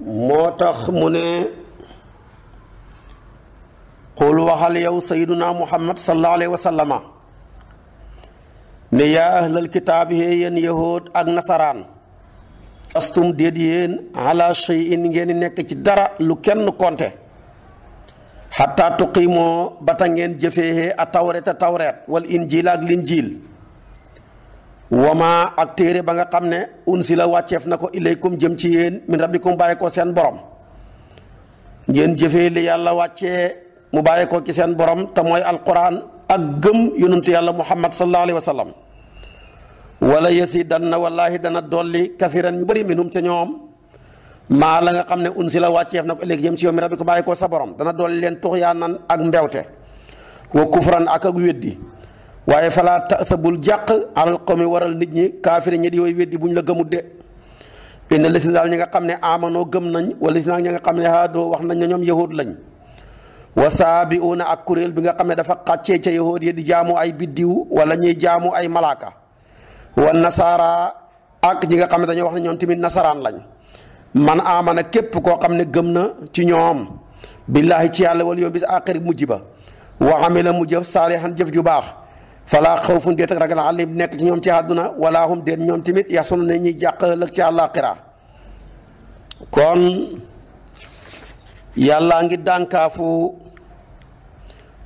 moo tax mu ne qul waxal yow sayyiduna muhammad sallallahu alayhi ne yaa ahlal kitaab hee yéen yahood ak nasaraan astum déet yéen ala shay'in ngeen di nekk ci dara lu kenn konte xataa tuqimoo bata ngeen jëfee hee a tawreet a tawreet wal ak linjiil wama ak téere ba nga xam ne unsila wàcceef na ko ilaykum jëm ci yéen min rabbikum bàyyi ko seen borom ngeen jëfee li yàlla wàccee mu bàyyi ko ci seen borom te mooy alquran ak gëm yonentu yàlla muhammad sallallahu alayhi wa sallam wala yasidanna wallaahi dana dolli kathiran ñu bëri minhum ca ñoom maa la nga xam ne unsila wàcceef na ko ilaykum jëm ci yow min rabbikum bàyyi ko sa borom dana dolli leen tuxyaanan ak mbewte wa kufran ak ak weddi waaye falaa tasa bul jàq alal qawmi waral nit ñi kaafiri ñi di way weddi bu ñu la gëmut de inna lisi daal ñi nga xam ne amanoo gëm nañ wala lisi ñi nga xam ne haadoo wax nañ ne ñoom yahud lañ wa saabiuuna ak kuréel bi nga xam ne dafa xàccee ca yahud yi di jaamu ay biddiw wala ñuy jaamu ay malaaka wa nasaara ak ñi nga xam ne dañoo wax ne ñoom tamit nasaraan lañ man amana képp koo xam ne gëm na ci ñoom billaahi ci yàlla wala yoom bis àxir mujj ba wa amila mu jëf saalihan jëf ju baax falaa xawfun déet ak ragal alim nekk ci ñoom ci àdduna wala hum déet ñoom tamit yasun ne ñuy jàq ëllëg ci àllaaxira kon yàllaa ngi dànkaafu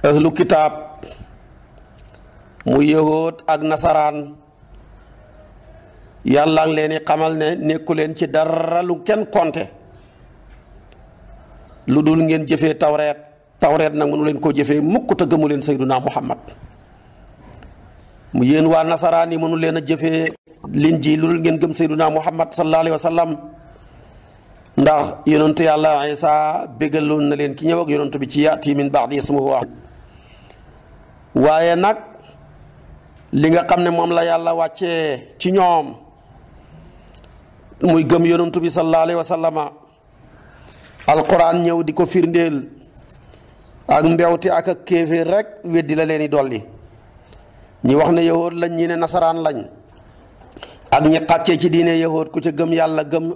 ahlu kitaab mu yëhoot ak nasaraan yàllaa ngi leen xamal ne nekku leen ci dara lu kenn konte lu dul ngeen jëfee tawreet tawreet nag mënu leen koo jëfee mukk gëmu leen sayduna muhammad mu yéen waa nasaraan yi mënu leen a jëfee lin ji lu ngeen gëm sayduna muhammad sallallahu alayhi wa sallam ndax yonentu yàlla isa béggaloon na leen ki ñëw ak yonentu bi ci yaati min ba'di ismuhu waaye nag li nga xam ne moom la yàlla wàcce ci ñoom muy gëm yonentu tubi sallallahu alayhi wa sallama alquran ñëw di ko firndeel ak mbewte ak ak kéeféer rek weddi la leen di dolli ñi wax na yahood lañ ñi ne nasaraan lañ ak ñi xàccee ci diine yahood ku ca gëm yàlla gëm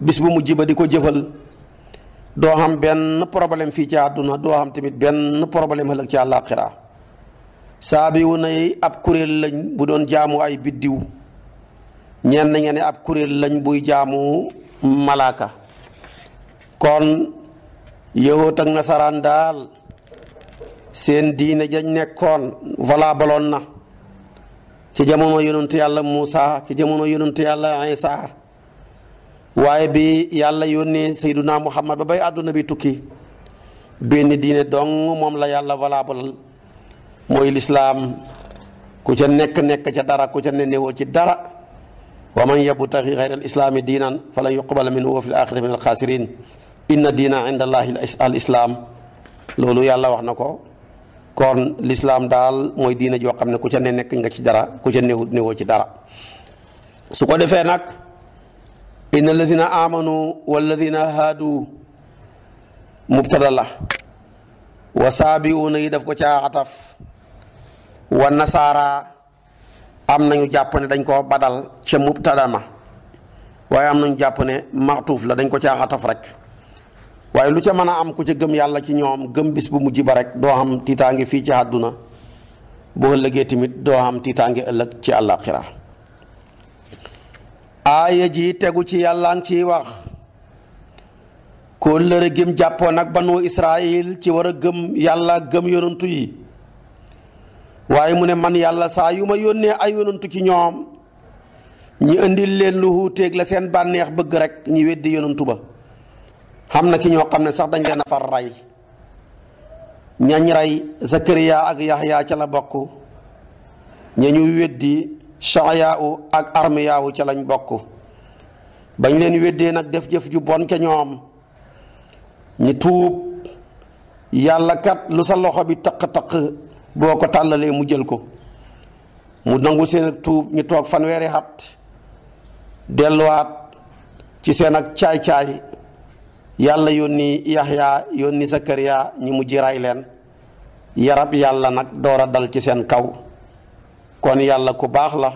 bis bu mujj ba di ko jëfal doo xam benn problème fii ci àdduna doo xam tamit benn problème ëllëg ci àllaaxira saabiwu na ab kuréel lañ bu doon jaamu ay biddiw ñenn ngeen ne ab kuréel lañ buy jaamu malaaka kon yahood ak nasaraan daal seen diine jañ nekkoon valabaloon na ci jamono yonentu yàlla Muusa ci jamono yonentu yàlla Isa waaye bi yàlla yónnee Seydunaa Muhammad ba bay àdduna bi tukki benn diine dong moom la yàlla valable mooy lislaam ku ca nekk-nekk ca dara ku ca ne newoo ci dara wa man yabtaxi xayra al islaami diinan falan yuqbala minhu wa fi l axirati min alxaasirin inna diina inda allahi al loolu yàlla wax na ko kon lislaam daal mooy diina joo xam ne ku ca ne nekk nga ci dara ku ca ne néewoo ci dara su ko defee nag inna alladina amanu walladina haadu mubtada la wa saabiuuna yi def ko ca ataf wa nasaara am nañu jàpp ne dañ koo badal ca mubtada ma waaye am nañu jàpp ne maxtuuf la dañ ko caa ataf rek waaye lu ca mën a am ku ca gëm yàlla ci ñoom gëm bis bu mujj ba rek doo am tiitaange fii ci àdduna boo ëllëgee tamit doo am tiitaange ëllëg ci àllaaxira aaya ji tegu ci yàlla ngi ciy wax kóllëre gim jàppoon ak banu Israil ci war a gëm yàlla gëm yonantu yi waaye mu ne man yàlla saa yu ma yónnee ay yonantu ci ñoom ñi indil leen lu wuuteeg la seen bànneex bëgg rek ñi weddi yonantu ba xam na ki ñoo xam ne sax dañ leen a far rey ñañ rey Zakariya ak Yaxya ca la bokk ña ñu weddi Shahyau ak Armiyaawu ca lañ bokk bañ leen weddee nag def jëf ju bon ca ñoom ñu tuub yàlla kat lu sa loxo bi taq-taq boo ko tàllalee mu jël ko mu nangu seen ak tuub ñu toog fanweeri xat delluwaat ci seen ak caay-caay yàlla yónni yaxya yónni sakariya ñi mujj ray leen yarab yàlla nag doora dal ci seen kaw kon yàlla ku baax la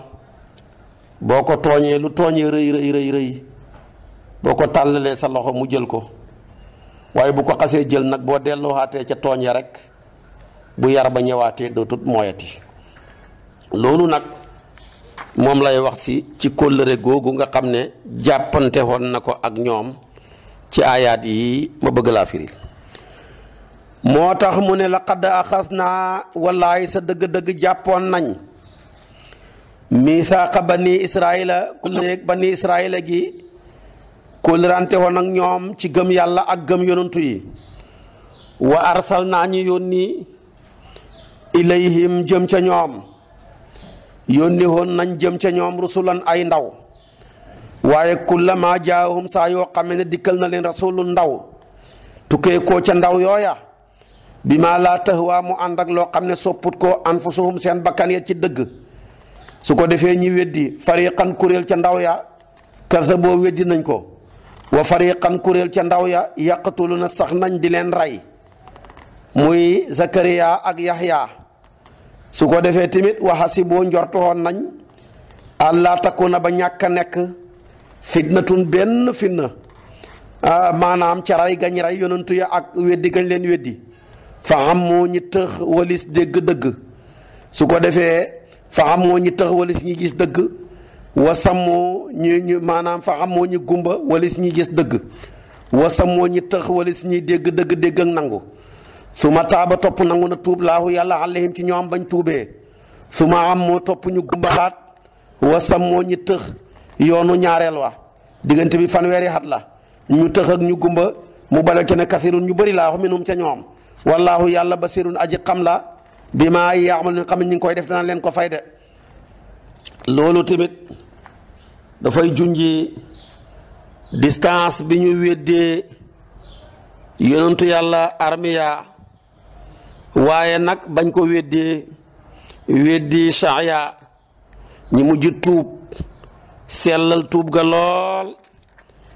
boo ko tooñee lu tooñee rëy rëy rëy rëy boo ko tàllalee sa loxo mu jël ko waaye bu ko xasee jël nag boo delloowaatee ca tooñe rek bu yar ba ñëwaatee dootut mooyati loolu nag moom lay wax si ci kóllëre googu nga xam ne jàppante woon na ko ak ñoom ci aayaat yi ma bëgg laa firil moo tax mu ne laqad axas naa wallaay sa dëgg-dëgg jàppoon nañ misaaqa bani israila kuléeg bani israila gi kulirante woon ak ñoom ci gëm yàlla ak gëm yonantu yi wa arsal naa ñu yónni ilayhim jëm ca ñoom yónni woon nañ jëm ca ñoom rusulan ay ndaw waaye kullama jaahum saa yoo xam ne dikkal na leen rasulu ndaw tukkee koo ca ndaw yooya bi maa laa tahwaa mu ànd ak loo xam ne sopput koo anfusuhum seen bakkan ya ci dëgg su ko defee ñi weddi fariqan kuréel ca ndaw ya kazaboo weddi nañ ko wa fariqan kuréel ca ndaw ya na sax nañ di leen rey muy Zakariya ak Yahya su ko defee tamit waxasi boo njortoon nañ àllaa takku na ba ñàkk a nekk fitnatun benn fitna ah, maanaam ca ray gañ ray yonantu yi ak weddi gañ leen weddi fa moo ñi tëx walis dégg dëgg su ko defee fa amoo ñi tëx walis ñi gis dëgg wa sammoo ñi ñu maanaam fa amoo ñi gumba walis ñi gis dëgg wa sammoo ñi tëx walis ñi dégg dëgg dégg ak nangu su ma taaba topp nangu na tuub laahu yàlla alayhim ci ñoom bañ tuubee su ma am moo topp ñu gumbalaat wa sammoo ñi tëx yoonu ñaareel wa diggante bi fanweeri xat la ñu tëx ñu gumba mu bale ke ne kasirun ñu bari laa minum ca ñoom wallaahu yàlla basirun aji xam la bi maa yaamal xam ne ñu ngi koy def danaa leen ko fay de loolu tamit dafay junji distance bi ñu weddee yonentu yàlla armiya waaye nag bañ ko weddee weddi shaaya ñu mujj tuub sellal tuub ga lool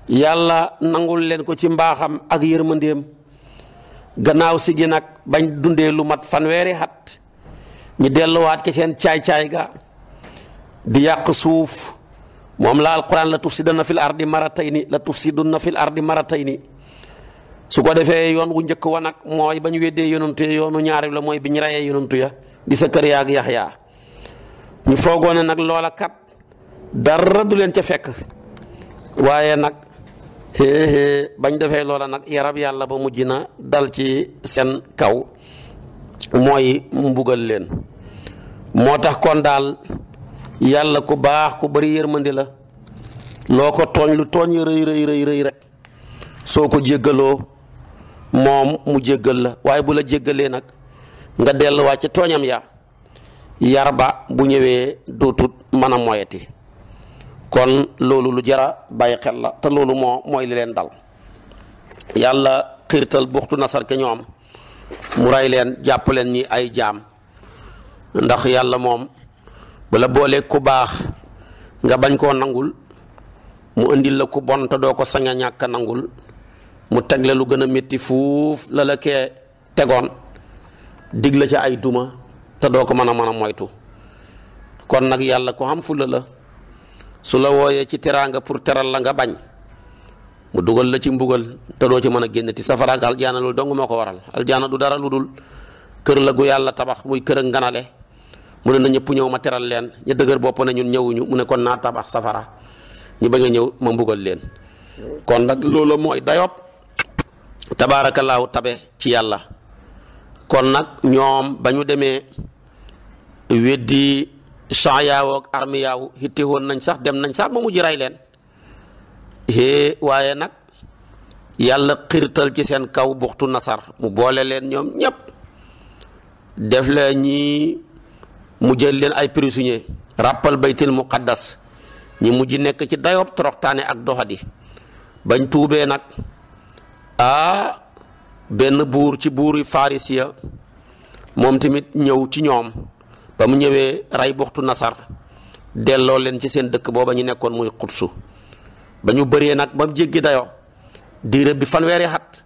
yàlla nangul leen ko ci mbaaxam ak yërmandeem gannaaw si gi nag bañ dundee lu mat fanweeri xat ñi delluwaat ke seen caay-caay ga di yàq suuf moom la alquran la tufsidanna si ardi maratayni ar di fil ardi maratayni su ko defee yoon wu njëkk wa nag mooy ba ñu weddee yonantu ya yoonu ñaari la mooy bi ñu rayee yonantu ya di sa kër yaag yaxyaa ñu foogoone nag loola kat dara du leen ca fekk waaye nag bañ defee loola nag yarab yàlla ba mujj na dal ci seen kaw mooy mbugal leen moo tax kon daal yàlla ku baax ku bari yërmandi la loo ko tooñ lu tooñ rëy rëy rëy rëy rek soo ko jéggaloo moom mu jéggal la waaye bu la jéggalee nag nga delluwaat ci tooñam ya yarba bu ñëwee dootut mën a moyati kon loolu lu jara bàyyi xel la te loolu moo mooy li leen dal yàlla xiirtal buxtu nasar ke ñoom mu rey leen jàpp leen ni ay jaam ndax yàlla moom bala boolee ku baax nga bañ koo nangul mu indil la ku bon te doo ko sañ a nangul mu teg la lu gën a métti fuuf la la tegoon dig la ca ay duma te doo ko mën a mën a moytu kon nag yàlla ko xam fulla la su la wooyee ci teraanga pour teral la nga bañ mu dugal la ci mbugal te doo ci mën a génn ti safara ak aljaana loolu dong moo ko waral aljaana du dara lu dul kër la gu yàlla tabax muy kër ak nganale mu ne na ñëpp ñëw ma teral leen ñu dëgër bopp na ñu ñëwuñu mu ne kon naa tabax safara ñu bañ a ñëw ma mbugal leen kon nag loolu mooy dayop tabaarakallaahu tabe ci yàlla kon nag ñoom ba ñu demee weddi Saayaawoo ak Armiyaawu hitti woon nañ sax dem nañ sax ba mujj rey leen hee waaye nag yàlla xirtal ci seen kaw buxtu nasar mu boole leen ñoom ñëpp def la ñi mu jël leen ay prisonnier ràppal baytil muqaddas ñu mujj nekk ci dayoob toroxtaane ak doxadi bañ tuubee nag ah benn buur ci buur buuri farisiya moom tamit ñëw ci ñoom ba mu ñëwee rey buxtu nasar delloo leen ci seen dëkk booba ñu nekkoon muy xutsu ba ñu bëree nag ba mu jéggi dayoo diirëb bi fanweeri xat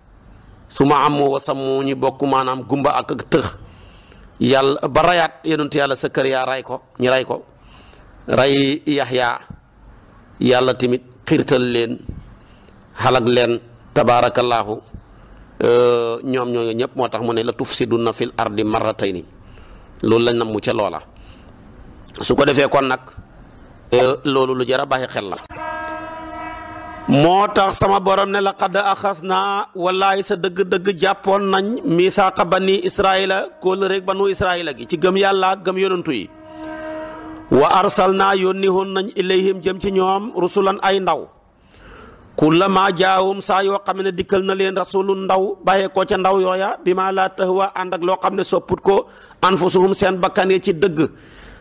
su ma amoo wasam mu ñu bokk maanaam gumba ak ak tëx yàlla ba rayaat yonentu yàlla Sakariya ray ko ñu ray ko ray Yaxya yàlla tamit xiirtal leen xalak leen tabaarakallaahu ñoom ñooñu ñëpp moo tax mu ne la tufsiduna fil ardi marratayni loolu lañ namm ca loola su ko defee kon nag euh, loolu lu jar a bàyyi xel la moo tax sama borom ne la laqad naa wallaay sa dëgg-dëgg jàppoon nañ misaaqa bani israila kóolu rek banu israila gi ci gëm yàllaa gëm yonantu yi wa arsalnaa yónni woon nañ ilayhim jëm ci ñoom rusulan ay ndaw la kullama jaawum saa yoo xam ne dikkal na leen rasulu ndaw bàyyeekoo ca ndaw yooya bi ma laa waa ànd ak loo xam ne sopput ko anfusuhum seen bakkan yi ci dëgg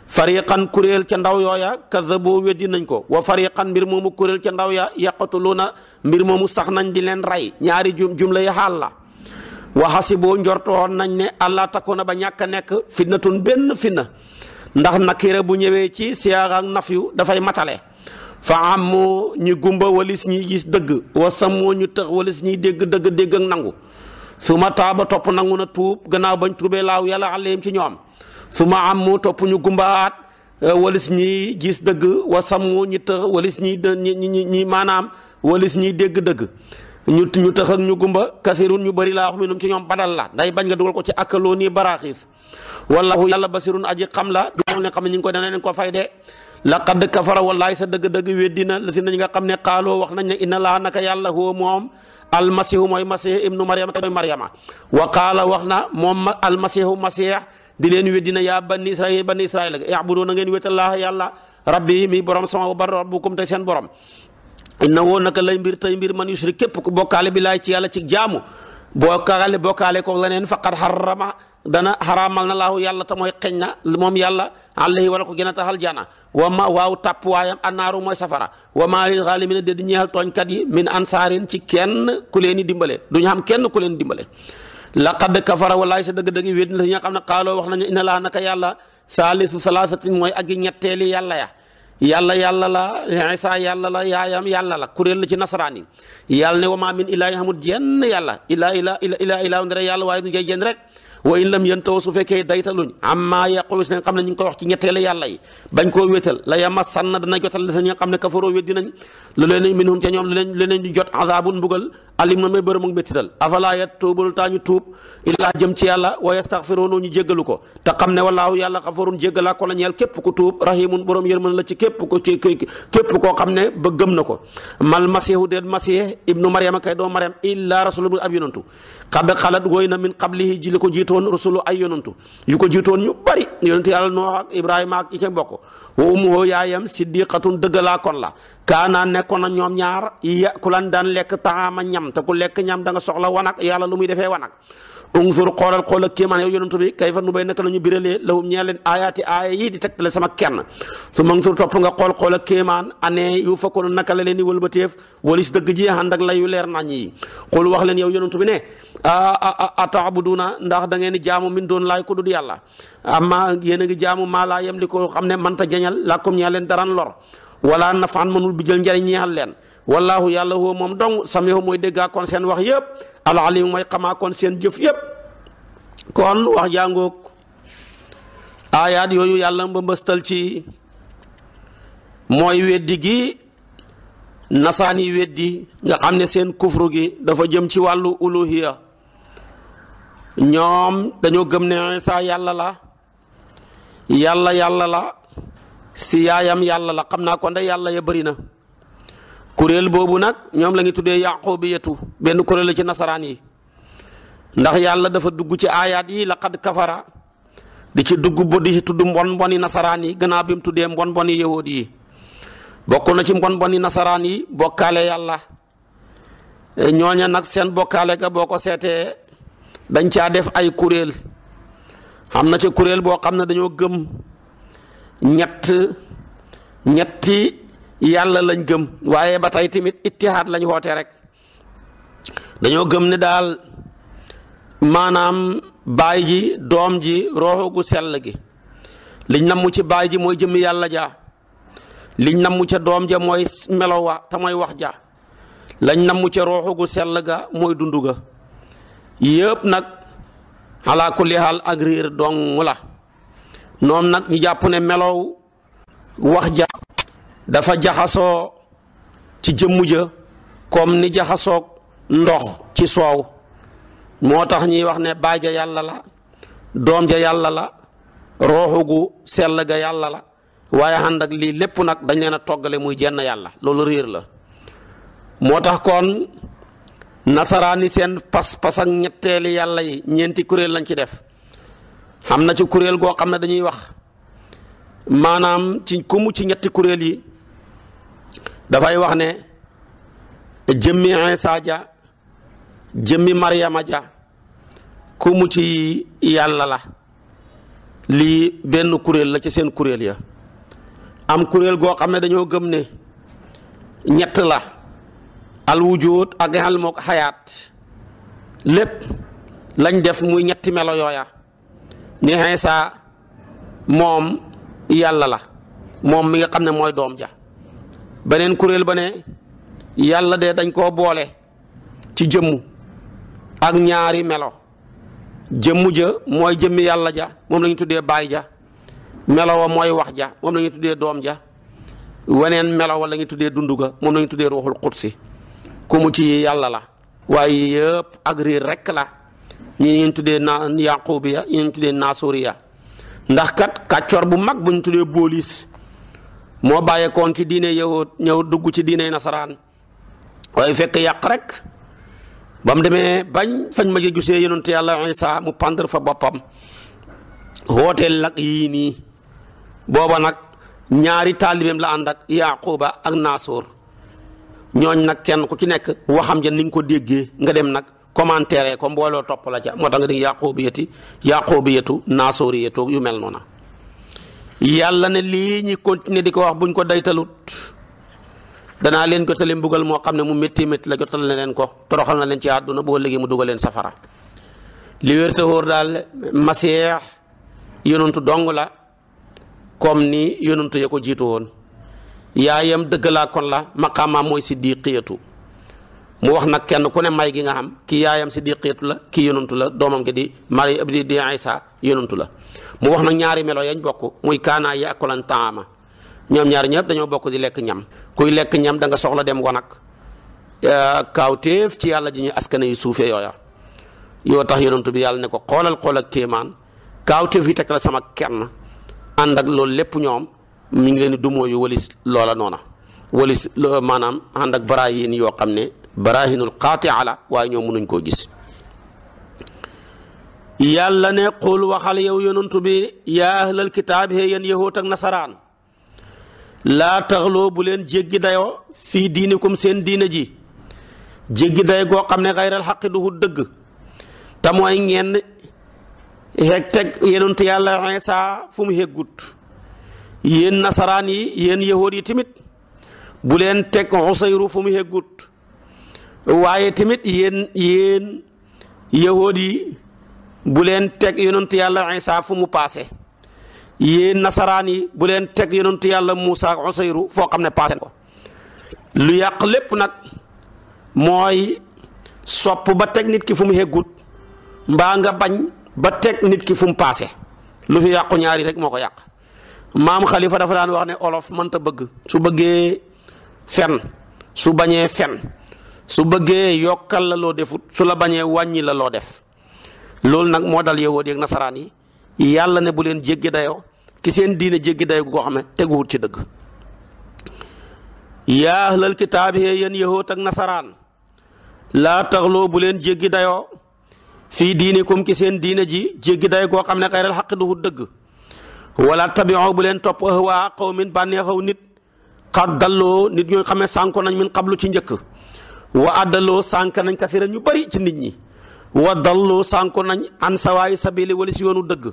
fariqan kuréel ca ndaw yooya kazaboo weddi nañ ko wa fariqan mbir moomu kuréel ca ndaw ya na mbir moomu sax nañ di leen rey ñaari jum jumla yi xaal la wa xasiboo njortoon nañ ne allah na ba ñàkk a nekk fitnatun benn fitna ndax nakira bu ñëwee ci siyaaga naf yu dafay matale fa ammoo ñi gumba walis ñiy gis dëgg wa sammoo ñu tëx walis ñiy dégg dëgg dégg nangu su ma taa ba topp nangu na tuub gannaaw bañ tuubee laaw yàlla àlleem ci ñoom su ma am moo topp ñu gumbaat eh, walis ñiy gis dëgg wa sammoo ñi tëx walis ñiy ñi ñi maanaam walis ñiy dégg dëgg ñu ñu tax ak ñu gumba kasirun ñu bari laa wax minum ci ñoom badal la nday bañ nga dugal ko ci akkaloo nii baraaxiis wallahu yàlla basirun aji xam la du xam ne ñu ngi ko dana leen ko fay de laqad kafara wallaay sa dëgg-dëgg weddina la si nañ nga xam ne xaaloo wax nañ ne inna laa naka yàlla huwa moom almasihu mooy masih ibnu mariama mooy mariama wa qaala wax na moom almasihu masih di leen weddina yaa bani israil bani israil yaabudu na ngeen wétal laa yàlla rabbi mi borom sama wa bar rabbukum te seen borom inna woo naka lay mbir tey mbir man yushrik képp ku bokkaale bi laay ci yàlla ci jaamu bokkaale bokkaale ko leneen faqad harrama dana xaraamal na laahu yàlla te mooy xeñ na moom yàlla alayhi wala ko gën a taxal jana wa ma waaw tàpp waayam annaaru mooy safara wa maa lil xaalimina déd ñeexal tooñkat yi min ansaarin ci kenn ku leen di dimbale duñu xam kenn ku leen dimbale laqad kafara walaay sa dëgg-dëgg wéet na si ñi nga xam ne xaaloo wax nañu inna laa naka yàlla saalisu salaasatin mooy ak ñetteeli yàlla ya yàlla yàlla la isa yàlla la yaayam yàlla la kuréel la ci nasaraan yi yàlla ne wa maa min ilaahi amul jenn yàlla ilaa ilaa ilaa ilaa ndere yàlla waaye du jey jenn rek wa in lam yantahu su fekkee daytaluñ amma yaqulu si nga xam ne ñu ngi koy wax ci ñetteelu yàlla yi bañ koo wéetal la yamassanna dana jotal sa ñi nga xam ne kafaroo weddi nañ lu leen minhum ca ñoom lu leen lu leen jot azabun mbugal alim na may bërëm ak méttital afala yatuubul taa ñu tuub ilaa jëm ci yàlla wa yastaxfiroon ñu jéggalu ko te xam ne wallaahu yàlla xafarun jéggalaa ko la ñeel képp ku tuub rahimun borom yërmën la ci képp ko ci képp koo xam ne ba gëm na ko mal masihu déet masih ibnu mariama kay doo mariam illa rasulun ab yonantu qad xalat wooy na min qablihi ji li ko jiitu woon rusulu ay yonantu yu ko jiitoon ñu bari yonantu yàlla noox ak ibrahima ak ñi ca bokk wa ummuhu yaayam siddiqatun dëggalaa kon la kaanaa nekkoon na ñoom ñaar ya ku lan daan lekk taama ñam te lekk ñam da nga soxla wanak yàlla lu muy defee wanak unzur xoolal xoolal kéemaan yow yonent bi kayfa nu bay naka la ñu biralee lahum ñeel leen aayaati aaya yi di tegtale sama kenn su mansur topp nga xool xoolal kéemaan année yu fakkoon naka la leen di wëlbateef walis dëgg ji ànd ak la yu leer nañ yi xool wax leen yow yonent bi ne a ataabuduuna ndax da ngeen di jaamu min doon laay ko dud yàlla amma yéen a ngi jaamu maa laa yem li ko xam ne mënta jañal làkkum ñeel leen daran lor wala nafaan mënul bi jël njëriñ ñeexal leen wallaahu yàlla woo moom dong samihu mooy déggaa kon seen wax yëpp alalimu mooy xamaa kon seen jëf yëpp kon wax jàngoog ayaat yooyu yàlla mbëmbëstal ci mooy weddi gi nasaan yi weddi nga xam ne seen kufru gi dafa jëm ci wàllu uluhiya ñoom dañoo gëm ne Isaa yàlla la yàlla yàlla la si yaayam yàlla la xam naa kon de yàlla ya bëri na kuréel boobu nag ñoom la ngi tuddee yaqubiyatu benn kuréel la ci nasaraan yi ndax yàlla dafa dugg ci aayaat yi laqad kafara di ci dugg bu di ci tudd mbon mbon yi nasaraan yi gannaaw bi mu tuddee mbon mboni yahood yi bokk na ci mbon mbon yi nasaraan yi bokkaale yàlla eh, ñooña nag seen bokkaale ga boo ko seetee dañ caa def ay kuréel xam na ci kuréel boo xam ne dañoo gëm ñett ñetti yàlla lañ gëm waaye ba tey tamit ittihaad lañ xoote rek dañoo gëm ne daal maanaam baay ji doom ji rooxu gu sell gi liñ namm ci baay ji mooy jëmmi yàlla ja liñ namm ca doom ja mooy melo wa wax ja lañ namm ca rooxu gu sell ga mooy dund ga yëpp nag ala kulli haal ak riir dong la noom nag ñu jàpp ne melow wax ja dafa jaxasoo ci jëmm ja comme ni jaxasoog ndox ci soow moo tax ñuy wax ne baay ja yàlla la doom ja yàlla la rooxu gu sell ga yàlla la waaye ànd lii lépp nag dañ leen a toggale muy jenn yàlla loolu réer la moo tax kon yi seen pas pas ak ñetteeli yàlla yi ñeenti kuréel lañ ci def xam na ci kuréel goo xam ne dañuy wax maanaam ci kumu ci ñetti kuréel yi dafay wax ne jëmmi Isa ja jëmmi Maryama ja ku mu ci yàlla la lii benn kuréel la ci seen kuréel ya am kuréel goo xam ne dañoo gëm ne ñett la al wujud ak al mook xayaat lépp lañ def muy ñetti melo yooya ni Isa moom yàlla la moom mi nga xam ne mooy doom ja beneen kuréel ba ne yàlla de dañ koo boole ci jëmm ak ñaari melo jëmm ja mooy jëmmi yàlla ja moom la tuddee baay ja melo mooy wax ja moom la tuddee doom ja waneen melo lañu tuddee dund ga moom la tuddee ruuxul qudsi ku mu ci yàlla la waaye yëpp ak réer rekk la ñi ñu tuddee na yaqubiya ñi ñu tuddee nasuriya ndax kat kàccoor bu mag bu ñu tuddee boolis moo bàyyee bàyyeekoon ci diine yahud ñëw dugg ci diine nasaraan waaye fekk yàq rek ba mu demee bañ fañ ma gisee yonent yàlla Isa mu pendre fa boppam hooteel lak yii nii booba nag ñaari taalibeem la ànd ak Yaquba ak Naasur ñooñ nag kenn ku ci nekk waxam ja ni nga ko déggee nga dem nag commentaire ko mbooloo topp la ca moo tax nga di yaqubiyati yaqubiyatu naasuriyatu yu mel noona yàlla ne lii ñi continuer di ko wax buñ ko daytalut danaa leen ko tali mbugal moo xam ne mu metti métti la jotal na leen ko toroxal na leen ci àdduna boo léegi mu dugal leen safara li wér daal masiix yonantu dong la kom ni yonantu ya ko jiitu woon yaayam dëgg kon la maqaamaam mooy si siddiqiyatu mu wax nag kenn ku ne may gi nga xam kii yaayam di siddiqatu la kii yonantu la doomam gi di mari di di isa yonantu la mu wax nag ñaari melo yañ bokk muy kaanaa yaakulan taama ñoom ñaari ñëpp dañoo bokk di lekk ñam kuy lekk ñam da nga soxla dem wanag kaawteef ci yàlla ji ñuy askane yu suufee yooya yoo tax yonantu bi yàlla ne ko xoolal xool ak kéemaan kaawteef yi teg la sama kenn ànd ak loolu lépp ñoom mu ngi leen du dumoo yu walis loola noona walis maanaam ànd ak barayin yoo xam ne barahinul qaatia la waaye ñoom mënuñ koo gis yàlla ne qul waxal yow yonantu bi yaa ahlal kitaab hee yéen yahuut nasaraan laa taxloo bu leen jéggi dayoo fii diinikum seen diina ji jéggi day goo xam ne xayral xaqi duhu dëgg te mooy ngeen xeeg teg yonantu yàlla Iisaa fu mu heggut yéen nasaraan yi yéen yahuut yi tamit bu leen teg Usayru fu mu heggut waaye tamit yéen yéen yahood yi bu leen teg yonentu yàlla Isa fu mu paase yéen nasaraan yi bu leen teg yonentu yàlla Muusa ak Usayru foo xam ne paase ko lu yàq lépp nag mooy sopp ba teg nit ki fu mu heggut mbaa nga bañ ba teg nit ki fu mu paase lu fi yàqu ñaari rek moo ko yàq maam Khalifa dafa daan wax ne olof mënta bëgg su bëggee fen su bañee fen su bëggee yokkal la defut su la bañee wàññi la loo def loolu nag moo dal yowoot yeeg nasaraan yi yàlla ne bu leen jéggi dayoo ci seen diine jéggi dayoo goo xam ne teguwut ci dëgg yaa ahlal kitaab yee yéen yahoot ak nasaraan laa bu leen jéggi dayoo fii diinikum ci seen diine ji jéggi dayoo goo xam ne xayral xaq duhut bu leen topp ahwaa qawmin bànneexaw nit xad dalloo nit ñoo xam ne sànko nañ min xablu ci njëkk wa addaloo sànk nañ kasiran ñu bari ci nit ñi wa dalloo sànk nañ an sawaayi sabili wala si yoonu dëgg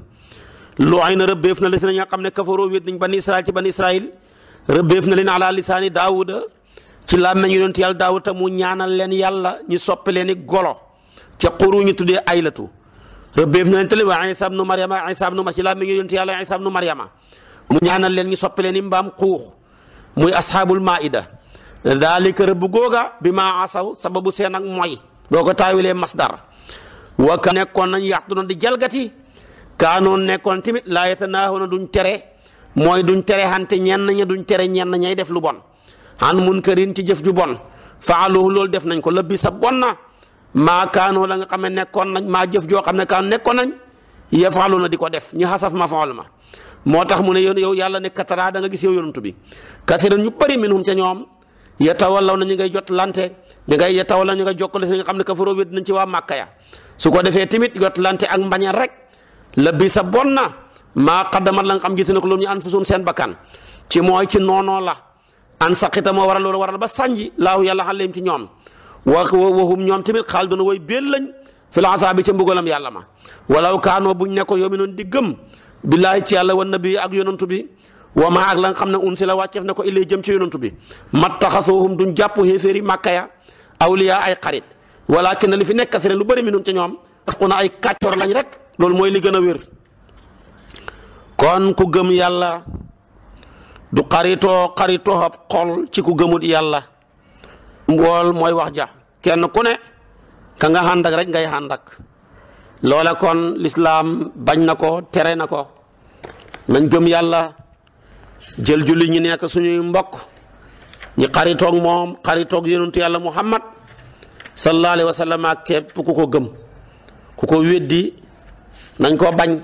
loo ay na rëbbeef na la si nañ nga xam ne kafaroo wéet nañ bani israil ci bani israil rëbbeef na leen ala lisaani daawuda ci làmmeñ yonent yàlla daawuda mu ñaanal leen yàlla ñu soppi leen i golo ca xuru ñu tuddee aylatu rëbbeef na leen tali waa isa bnu mariama isa bnu ma ci làmmeñ yonent yàlla isa bnu mariama mu ñaanal leen ñu soppi leen i mbaam xuux muy asxaabul maida daalika rëbb googa bi maa asaw sababu seen ak mooy boo ko taawilee masdar wa ka nekkoon nañ yaxtunoon di jalgati kaanoon nekkoon tamit laa yatanaahoona duñ tere mooy duñ tere xante ñenn ña duñ tere ñenn ñay def lu bon xan munkarin ci jëf ju bon faaluhu loolu def nañ ko lëbbi sa bon na maa kaanoo la nga xam ne nekkoon nañ maa jëf joo xam ne kaan nekkoon nañ yafaalu na di ko def ñu xasaf ma faol ma moo tax mu ne yow yàlla nekk kataraa da nga gis yow yonantu bi kasiran yatawallaw na ñu ngay jot lante ñu ngay yatawallaw ñu ngay jokkale si nga xam ne kafaroo wéet nañ ci waa Màkka ya su ko defee tamit jot lante ak mbaña rek la sa bon na maa xaddamat la nga xam jiite na ko loolu ñu an fusum seen bakkan ci mooy ci noonoo la an saqita moo waral loolu waral ba sànji laahu yàlla xaleem ci ñoom wa wahum ñoom tamit xaal doona woy béel lañ fil asaabi ca mbugalam yàlla ma walaw kaanoo buñ ne ko yoomi noonu di gëm ci yàlla wan nabi ak yonantu bi wa maa ak la nga xam ne unsi la wàcceef na ko illee jëm ci yonantu bi mattaxasuuhum duñ jàpp xéeféeri màkka ya awliya ay xarit walakin na li fi nekk seen lu bëri mi nun ca ñoom asquna ay kàccoor lañ rek loolu mooy li gën a wér kon ku gëm yàlla du xaritoo xaritoo ci ku gëmut yàlla mbool mooy wax ja kenn ku ne ka nga xàndak rek ngay xàndak loola kon lislaam bañ na ko tere na ko nañ gëm yàlla jël julli ñi nekk suñuy mbokk ñi xaritoog moom xaritoog yonentu yàlla muhammad sallallahu alayhi wa sallam ak képp ku ko gëm ku ko weddi nañ ko bañ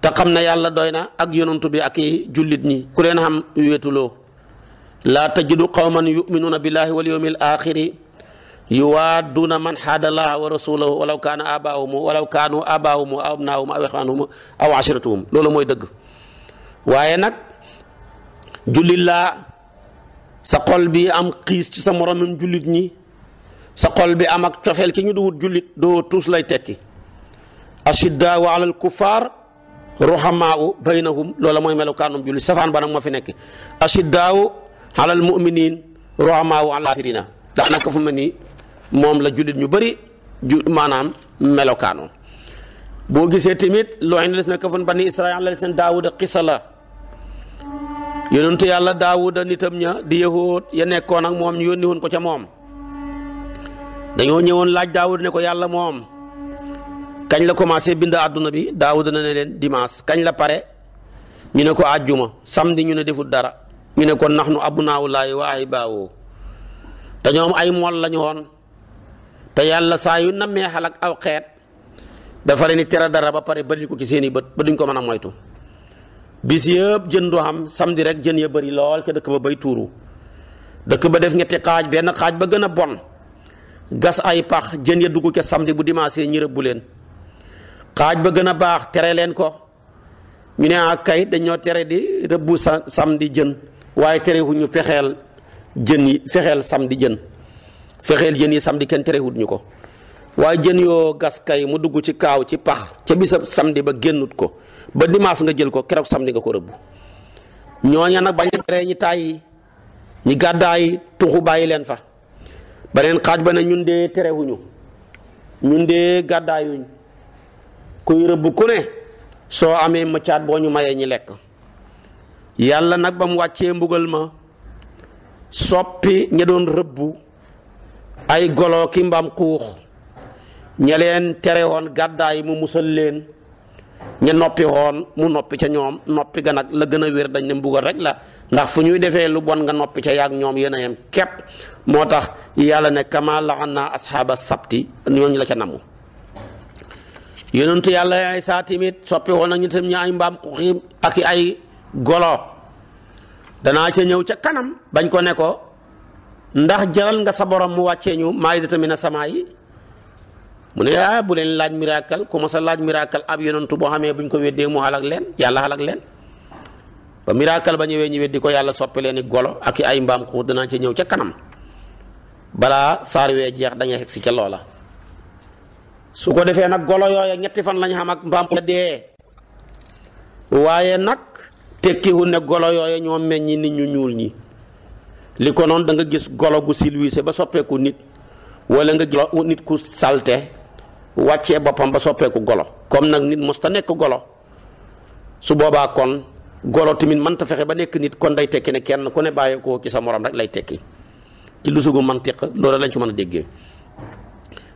te xam na yàlla doy na ak yonentu bi ak i jullit ñi ku leen xam wéetuloo laa tajidu qawman yuminuuna billahi wal yawmil axiri yuwaadduuna man xaadallaaha wa rasulahu walaw kaana abaahum walaw kaanu abaahum aw abnaahum aw ixwaanhum loolu mooy dëgg waaye nag jullit laa sa xol bi am xiis ci sa moromam jullit ñi sa xol bi am ak cofeel ki ñu duwut jullit doo tuus lay tekki ashiddaau alal kufaar ruhamaau baynahum loola mooy melokaanum jullit safaan ba nag moo fi nekk ashiddaau alal mu'miniin ruhamaau alal kaafiriina daanaka fu ni moom la jullit ñu bari ju maanaam melokaanoo boo gisee tamit loo xam ne des na kafun bani Israa'iil la seen Daawuda xisa la yonentu yàlla daawuda nitam ña di yahood ya nekkoon ak moom ñu yónni woon ko ca moom dañoo ñëwoon laaj daawuda ne ko yàlla moom kañ la commencé bind àdduna bi daawuda na ne leen dimaas kañ la pare ñu ne ko àjjuma samedi ñu ne defut dara ñu ne kon nax nu abnaawu laahi wa ahibaawoo dañoo am ay mool lañu woon te yàlla saa yu nammee xalak aw xeet dafa leen di tere dara ba pare bëri ko ci seen i bët ba duñ ko mën a moytu bis yëpp jën du xam samedi rek jën ya bëri lool ca dëkk ba bay tuuru dëkk ba def ñetti xaaj benn xaaj ba gën a bon gas ay pax jën ya dugg ca samedi bu dimanche ñi rëbbu leen xaaj ba gën a baax tere leen ko ñu ne ak ah kay dañoo tere di rëbbu sa samedi jën waaye ñu fexeel jën yi fexeel samdi jën fexeel jën yi samedi kenn terewut ñu ko waaye jën yoo gas kay mu dugg ci kaaw ci pax ca bisab samedi ba génnut ko ba dimaas nga jël ko keroog samedi nga ko rëbb ñooña nag ba a tere ñi tàyyi ñi gàddaay tuxu bàyyi leen fa beneen xaaj ba ne ñun de terewuñu ñun de gàddaayuñ kuy rëbb ku ne soo amee mëccaat boo ñu mayee ñi lekk yàlla nag ba mu wàccee mbugal ma soppi ña doon rëbbu ay golo ki mbaam xuux ña leen tere woon gàddaay mu musal leen ña noppi woon mu noppi ca ñoom noppi ga nag la gën a wér dañ ne mbugal rek la ndax fu ñuy defee lu bon nga noppi ca yaag ñoom yéen a moo tax yàlla ne kama laxan naa asxaaba sabti ñooñu la ca namu yonentu yàlla ay saa timit soppi woon na ñu tam ñu ay mbaam xuxi ak ay golo danaa ca ñëw ca kanam bañ ko ne ko ndax jaral nga sa borom mu wàccee ñu maay data mi na sama mu ne ah bu leen laaj miraakal miracle sa laaj miracle ab yonantu boo xamee bu buñ ko weddee mu xalak leen yàlla xalak leen ba miracle ba ñëwee ñu weddi ko yàlla soppee leen golo ak ay mbaam xuut danaa ci ñëw ca kanam balaa saar jeex da si ca su ko defee nag golo yooya ñetti fan lañ xam ak mbaam xuut dee waaye nag tekkiwu ne golo yooya ñoo meññi nit ñu ñuul ñi li ko noonu danga gis golo gu silwiise ba soppeeku nit wala nga gis nit ku salte wàccee boppam ba soppeeku golo comme nag nit mos ta nekk golo su boobaa kon golo tamit mën ta fexe ba nekk nit kon day tekki ne kenn ku ne bàyyi ko ci sa morom rek lay tekki ci lu man mantiq loolu lañ ci mën a déggee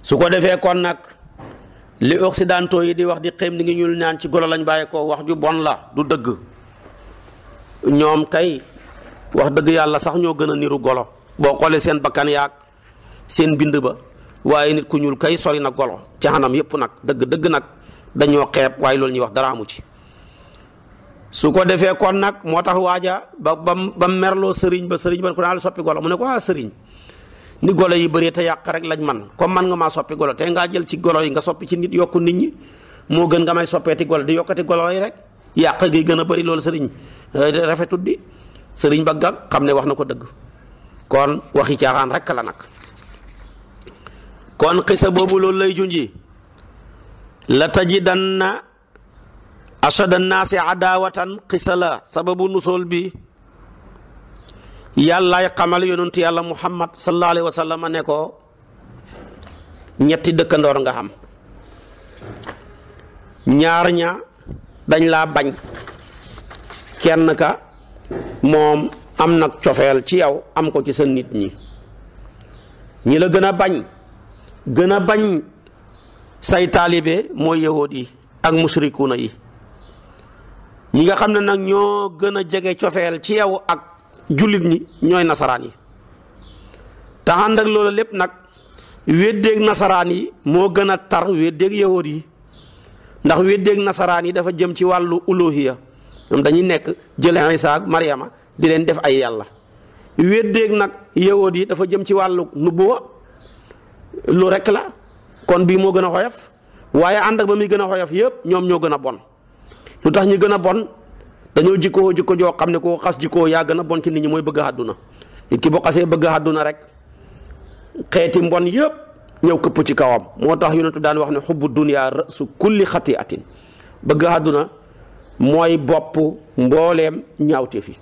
su ko defee kon nag li occidentaux yi di wax di xëm di ngi ñuul naan ci golo lañu bàyyi ko wax ju bon la du dëgg ñoom kay wax dëgg yàlla sax ñoo gën a niru golo boo xoolee seen bakkan yaag seen bind ba waaye nit ku ñuul kay sori na golo ci xanam yëpp nag dëgg dëgg nag dañoo xeeb waaye loolu ñuy wax dara amu ci su ko defee kon nag moo tax waaja ba ba ba merloo sëriñ ba sëriñ ba ko naa la soppi golo mu ne ko ah ni golo yi bëree te yàq rek lañ man comme man nga maa soppi golo ngaa jël ci golo yi nga soppi ci nit yokk nit ñi moo gën nga may soppeeti golo di yokkati golo yi rek yàq gi gën a bëri loolu sëriñ eh, rafetut di sëriñ ba gag xam ne wax na ko dëgg kon waxi caaxaan rek la nag kon xisa boobu loolu lay junji la tajidanna ashada naasi adaawatan xisa la sababu nusool bi yàllaay xamal yonent yàlla muhammad sallallahu alayhi wa sallam ne ko ñetti dëkkandoor nga xam ñaar ña dañ laa bañ kenn ka moom am nag cofeel ci yow am ko ci sa nit ñi ñi la gën a bañ gën a bañ say taalibe mooy yahood yi ak musrikuuna yi ñi nga xam ne nag ñoo gën a jege cofeel ci yow ak jullit ñi ñooy nasaraan yi te loolu lépp nag weddeeg nasaraan yi moo gën a tar weddeeg yahood yi ndax weddeeg nasaraan yi dafa jëm ci wàllu uluhiya ñoom dañuy nekk jële Isa ak di leen def ay yàlla weddeeg nag yahood yi dafa jëm ci wàllu nubuwa lu rek la kon bii moo gën a xoyof waaye ànd ak ba muy gën a xoyof yëpp ñoom ñoo gën a bon lu tax ñu gën a bon dañoo jikkoo jikko joo xam ne koo xas jikkoo yaa gën a bon ci nit ñi mooy bëgg a àdduna nit ki bu xasee bëgg àdduna rek xeeti mbon yëpp ñëw këpp ci kawam moo tax yonentu daan wax ne xubbu dunya ra'su kulli xati'atin bëgg a àdduna mooy bopp mbooleem ñaawte fi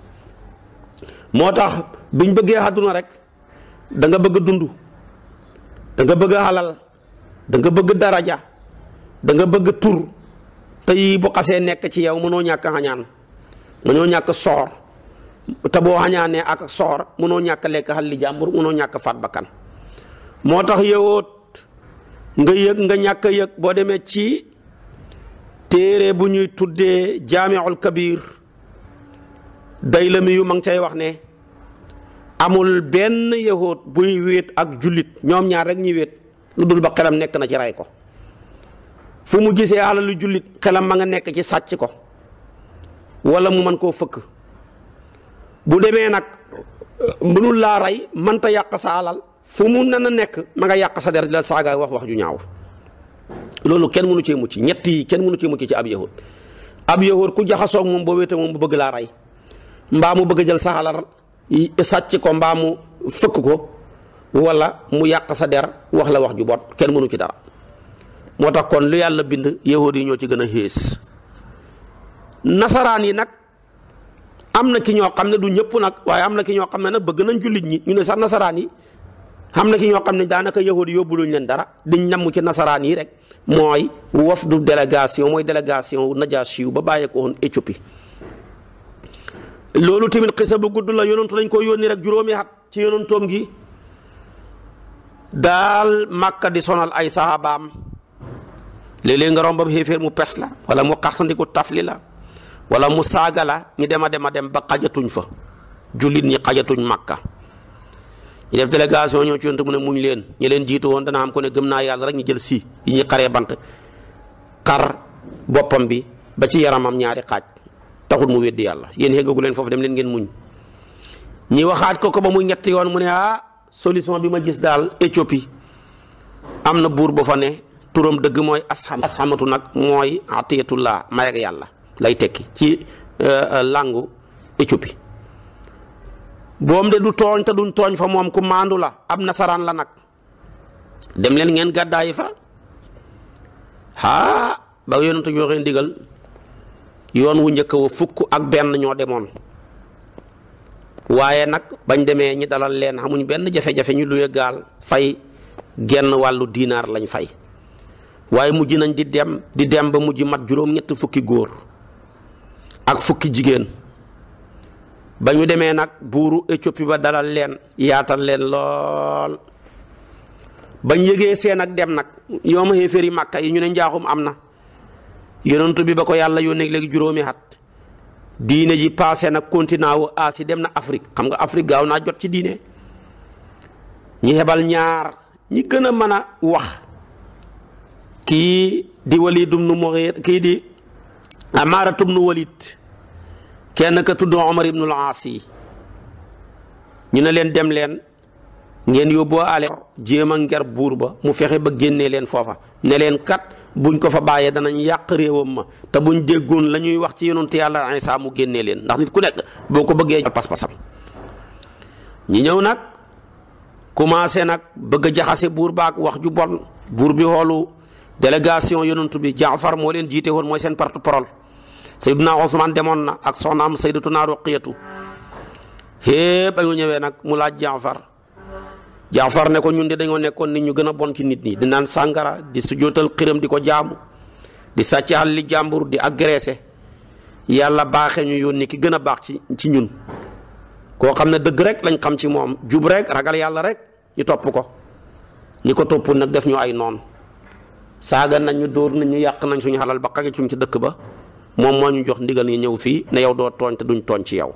moo tax biñ bëggee àdduna rek danga bëgg dund danga bëgg alal danga bëgg daraja da nga bëgg tur te yii bu xasee nekk ci yow mënoo ñàkk xañaan mënoo ñàkk soxor te boo xañaanee ak soxor mënoo ñàkk lekk xal li jàmbur mënoo ñàkk faat bakkan moo tax yowoot nga yëg nga ñàkk yëg boo demee ci téere bu ñuy tuddee jaamiul kabir day la mi yu ma ngi cay wax ne amul benn yahood buy wéet ak jullit ñoom ñaar rek ñi wéet lu dul ba xelam nekk na ci ray ko fu mu gisee alalu jullit xelam ma nga nekk ci sàcc ko wala mu mën koo fëkk bu demee nag mënul laa rey mënta yàq sa alal fu mu nan nekk ma nga yàq sa der di la wax wax ju ñaaw loolu kenn mënu cee mucc ñett yi kenn mënu cee mucc ci ab yahood ab yahood ku jaxasoog moom boo wéete moom bu bëgg laa rey mbaa mu bëgg jël sa alal sàcc ko mbaa mu fëkk ko wala mu yàq sa der wax la wax ju bot kenn mënu ci dara moo tax kon lu yàlla bind yahood yi ñoo ci gën a xées nasaraan yi nag am na ki ñoo xam ne du ñëpp nag waaye am na ki ñoo xam ne nag bëgg nañ jullit ñi ñu ne sax nasaraan yi xam na ki ñoo xam ne daanaka yahood yóbbuluñ leen dara diñ namm ci nasaraan yi rek mooy waf du délégation mooy délégation najaas ba bàyyeekoon Éthiopie loolu tamit xisa bu gudd la yonantu lañ ko yónni rek juróomi at ci yonantoom gi daal màkka di sonal ay sahabaam léeg-léeg nga rombam xéeféer mu pes la wala mu xaxtandiku tafli la wala mu saaga la ñu dem a dem a dem ba xajatuñ fa jullit ñi xajatuñ màkka ñu def délégation ñoo ci yontu mu ne muñ leen ñi leen jiitu woon dana am ko ne gëm naa yàlla rek ñu jël si yi ñuy xaree bant kar boppam bi ba ci yaramam ñaari xaaj taxul mu weddi yàlla yéen xeggagu leen foofu dem leen ngeen muñ ñi waxaat ko ko ba mu ñetti yoon mu ne ah solution bi ma gis daal Éthiopie am na buur ba fa ne turam dëgg mooy asxam asxamatu nag mooy atiyatullah la ak yàlla lay tekki ci euh, langu Éthiopie boom de du tooñ te duñ tooñ fa moom ku maandu la ab nasaraan la nag dem leen ngeen gàddaayi fa aa ba yonentu joxe ndigal yoon wu njëkk wa fukk ak benn ñoo demoon waaye nag bañ demee ñi dalal leen xamuñ benn jafe-jafe ñu luye gaal fay genn wàllu diinaar lañ fay waaye mujj nañ di dem di dem ba mujj mat juróom-ñett fukki góor ak fukki jigéen ba ñu demee nag buuru Éthiopie ba dalal leen yaatal leen lool bañ yëgee seen ak dem nag yoo yooma xéeféeri màkka yi ñu ne njaaxum am na yonentu bi ba ko yàlla yónnee léegi juróomi at diine ji passé na continent wu Asie dem na Afrique xam nga Afrique gaaw naa jot ci diine ñi hebal ñaar ñi gën a mën a wax kii di Walid ibn Mughira kii di Amaara ibn Walid kenn ka tudd Omar ibn al-Aas ñu ne leen dem leen ngeen yóbbu ale jéem a nger buur ba mu fexe ba génne leen foofa ne leen kat buñ ko fa bàyyee danañ yàq réewam ma te buñ déggoon la ñuy wax ci yonent yàlla Isaa mu génnee leen ndax nit ku nekk boo ko bëggee pas-pasam ñi ñëw nag commencé nag bëgg a jaxase buur baak wax ju bon buur bi xoolu délégation yonent bi Jaafar moo leen jiite woon mooy seen porte-parole naa Usmaan demoon na ak soxnaam Sayyidatuna Ruqiyatu xépp ayu ñëwee nag mu laaj Jaafar jaafar ne ko ñun de dañoo nekkoon nit ñu gën a bon ci nit ñi di naan sàngara di sujootal xiram di ko jaamu di sàcc li jàmbur di agressé yàlla baaxee ñu yónni ki gën a baax ci ci ñun koo xam ne dëgg rek lañ xam ci moom jub rek ragal yàlla rek ñu topp ko ñu ko toppoon nag def ñu ay noon saaga nañ ñu dóor nañ ñu yàq nañ suñu xalal ba xagi suñ ci dëkk ba moom moo ñu jox ndigal ñu ñëw fii ne yow doo tooñ te duñ tooñ ci yow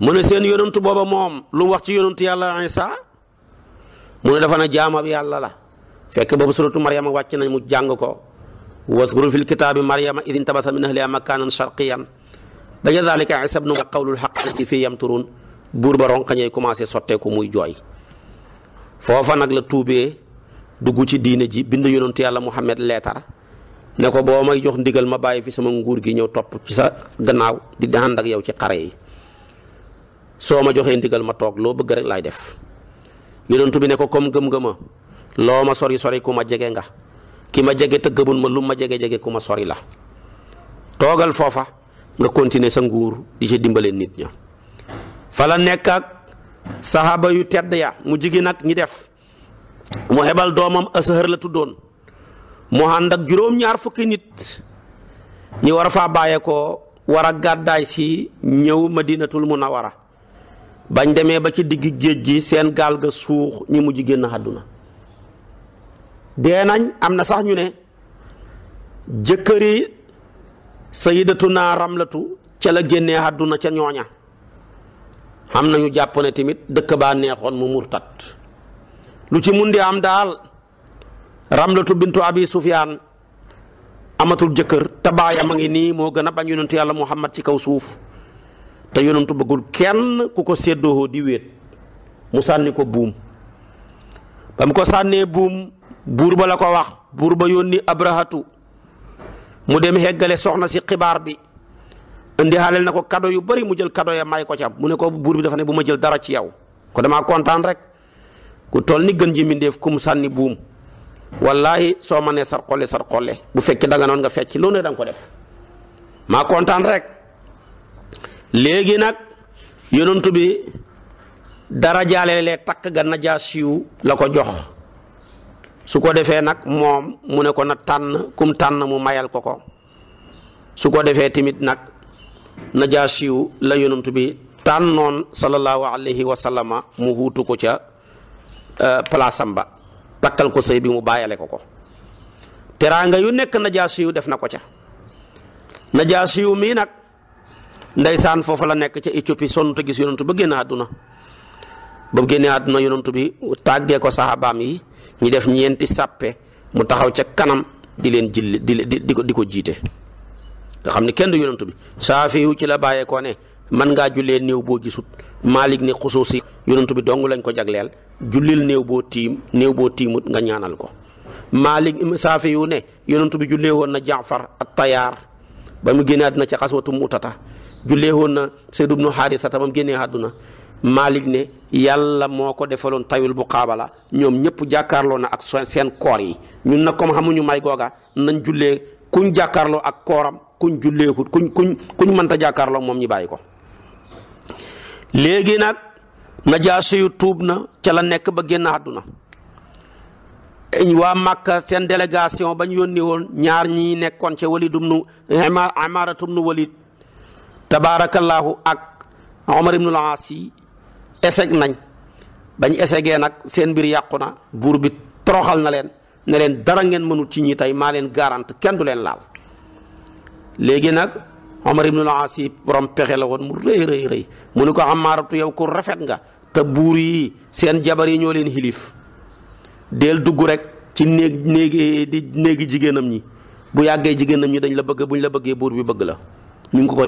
mu ne seen yonantu booba moom lu wax ci yonantu yàlla Isa mu ne dafa na jaamab yàlla la fekk boobu suratu Maryama wàcc nañ mu jàng ko waskur fil kitaabi Maryama idin tabasa min ahliha makanan sharqiyan ba jazalika Isa bnu qawlul haqq fi fii yamturun buur ba ronqañey commencé sotteeku muy jooy foofa nag la tuubee dugg ci diine ji bind yonantu yàlla Muhammad leetar ne ko boo may jox ndigal ma bàyyi fi sama nguur gi ñëw topp ci sa gannaaw di ànd ak yow ci xare yi soo ma joxee ndigal ma toog loo bëgg rek laay def yonentu bi ne ko comme gëm-gëma loo ma sori sori ku ma jege nga ki ma jege te gëmul ma lu ma jege jege ku ma sori la toogal foofa nga continuer sa nguur di ci dimbale nit ña fa la nekk saxaaba yu tedd ya mu jigi nag ñi def mu hebal doomam asahar la tuddoon mu ànd ak juróom-ñaar fukki nit ñi war a fa bàyyee ko war a gàddaay si ñëw ma dinatul mun madinatul munawara bañ demee ba ci digg géej gi seen gaal ga suux ñi mujj génn àdduna dee nañ am na sax ñu ne jëkkëri sayyidatuna Ramlatu ca la génnee àdduna ca ñooña am na ñu jàpp ne tamit dëkk baa neexoon mu murtat lu ci mun di am daal Ramlatu bintu Abi Sufyaan amatul jëkkër te baayam a ngi nii moo gën a bañ yonentu yàlla Muhammad ci kaw suuf te yonentu bëggul kenn ku ko séddoo di wéet mu sànni ko buum ba mu ko sànnee buum buur ba la ko wax buur ba yónni abrahatu mu dem heggale soxna si xibaar bi indi xaaleel na ko kado yu bari mu jël kado ya may ko ca mu ne ko buur bi dafa ne bu ma jël dara ci yow ko damaa kontaan rek ku toll ni gën ji mbindéef ku mu sànni buum wallahi soo ma sar xolle sar xolle bu fekkee danga noon nga fecc loo ne danga ko def maa kontaan rek léegi nag yonent bi dara jaale lee takk ga najaasiyu la ko jox su ko defee nag moom mu ne ko na tànn kum tànn mu mayal ko ko su ko defee tamit nag najaasiyu la yonent bi tànnoon sallallahu alayhi wa sallama mu huutu ko ca euh, palaasam ba takkal ko sëy bi mu bàyyale ko ko teraanga yu nekk najaasiyu def na ko ca najaasiyu mii nag ndeysaan foofu la nekk ca Éthiopie sonn te gis yonantu ba génn ba génne àdduna yonantu bi tàggee ko saxaabaam yi ñu def ñeenti sàppe mu taxaw ca kanam di leen jilli di di ko di ko jiite nga xam ne kenn du yonantu bi saafiyu ci la bàyyeekoo ne man ngaa jullee néew boo gisut maalik ne xusuusi yonantu bi dong lañ ko jagleel jullil néew boo tiim néew boo tiimut nga ñaanal ko maalik saafiyu ne yonantu bi jullee woon na jaafar at tayaar ba mu génnee àdduna ca xaswatu mutata jullee woon na Seyd ibnu Xaarisa ta génnee àdduna Malik ne yàlla moo ko defaloon tawil bu xaabala ñoom ñëpp jàkkaarloo na ak seen koor yi ñun nag comme xamuñu may googa nañ jullee kuñ jàkkaarloo ak kooram kuñ julleekut kuñ kuñ kuñ mënta jàkkaarloo moom ñi bàyyi ko léegi nag najaasi yu tuub na ca la nekk ba génn àdduna waa Makka seen délégation ba ñu yónni woon ñaar ñi nekkoon ca Walid ibnu Amaaratu ibnu Walid tabaarakallaahu ak Omar ibnul Aas yi eseg nañ bañ esegee nag seen mbir yàqu na buur bi toroxal na leen ne leen dara ngeen mënul ci ñi tey maa leen garante kenn du leen laal léegi nag Omar ibnul Aas yi borom pexe la woon mu rëy rëy rëy mu ne ko Ammaaratu yow ku rafet nga te buur yi seen jabar yi ñoo leen xilif del dugg rek ci néeg néegi di néegi jigéenam ñi bu yàggee jigéenam ñi dañ la bëgg buñ la bëggee buur bi bëgg la ñu ngi ko ko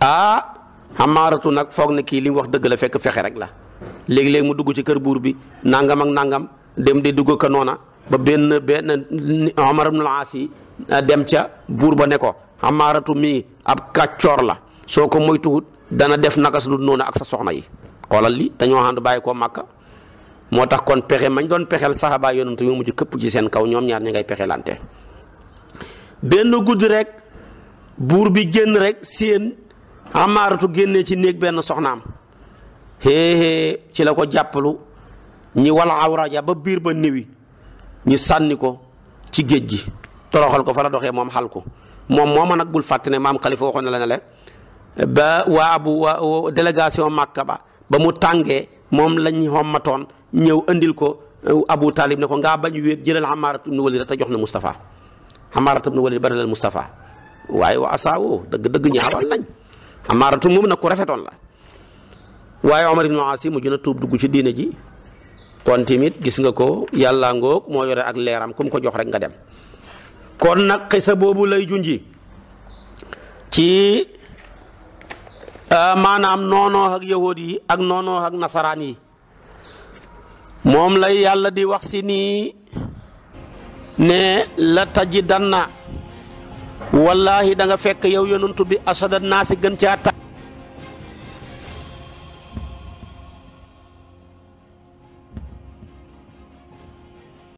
ah xamaaratu nag foog na kii li wax dëgg la fekk fexe rek la léegi-léegi mu dugg ci kër buur bi nangam ak nangam dem di dugg ko noona ba benn benn Omar ibn al dem ca buur ba ne ko xamaaratu mii ab kàccoor la soo ko moytuwut dana def naka su dul ak sa soxna yi xoolal li dañoo ànd bàyyi koo màkka moo tax kon pexe mañ doon pexeel saxaaba yonent yu mujj ci seen kaw ñoom ñaar ñi ngay pexelante benn guddi rek buur bi génn rek seen amaaratu génnee ci néeg benn soxnaam xéexée ci la ko jàppalu ñi wal awra ja ba biir ba niwi ñu sànni ko ci géej gi toroxal ko fa la doxee moom xal ko moom mooma nag bul fàtte ne maam xalifa waxoon na la ne le ba waa abu waa délégation Màkka ba ba mu tàngee moom lañ xommatoon ñëw indil ko euh, abu taalib ne ko ngaa bañ wéet jëlal xamaaratu ibnu walid te jox na Moustapha xamaaratu ibnu ba bari lal Moustapha waaye wa asaawoo dëgg dëgg ñaawal nañ amaaratu moom na ku rafetoon la waaye Omar ibnu Aas mujj na tuub dugg ci diine ji kon tamit gis nga ko yàlla ngoog moo ak leeram ku ko jox rek nga dem kon nag xisa boobu lay junji ci euh, maanaam noonoo ak yahood yi ak noonoo nasaraan yi moom lay yàlla di wax si nii ne la tajidanna wallaahi da nga fekk yow yonantu bi asada naa si gën caa ta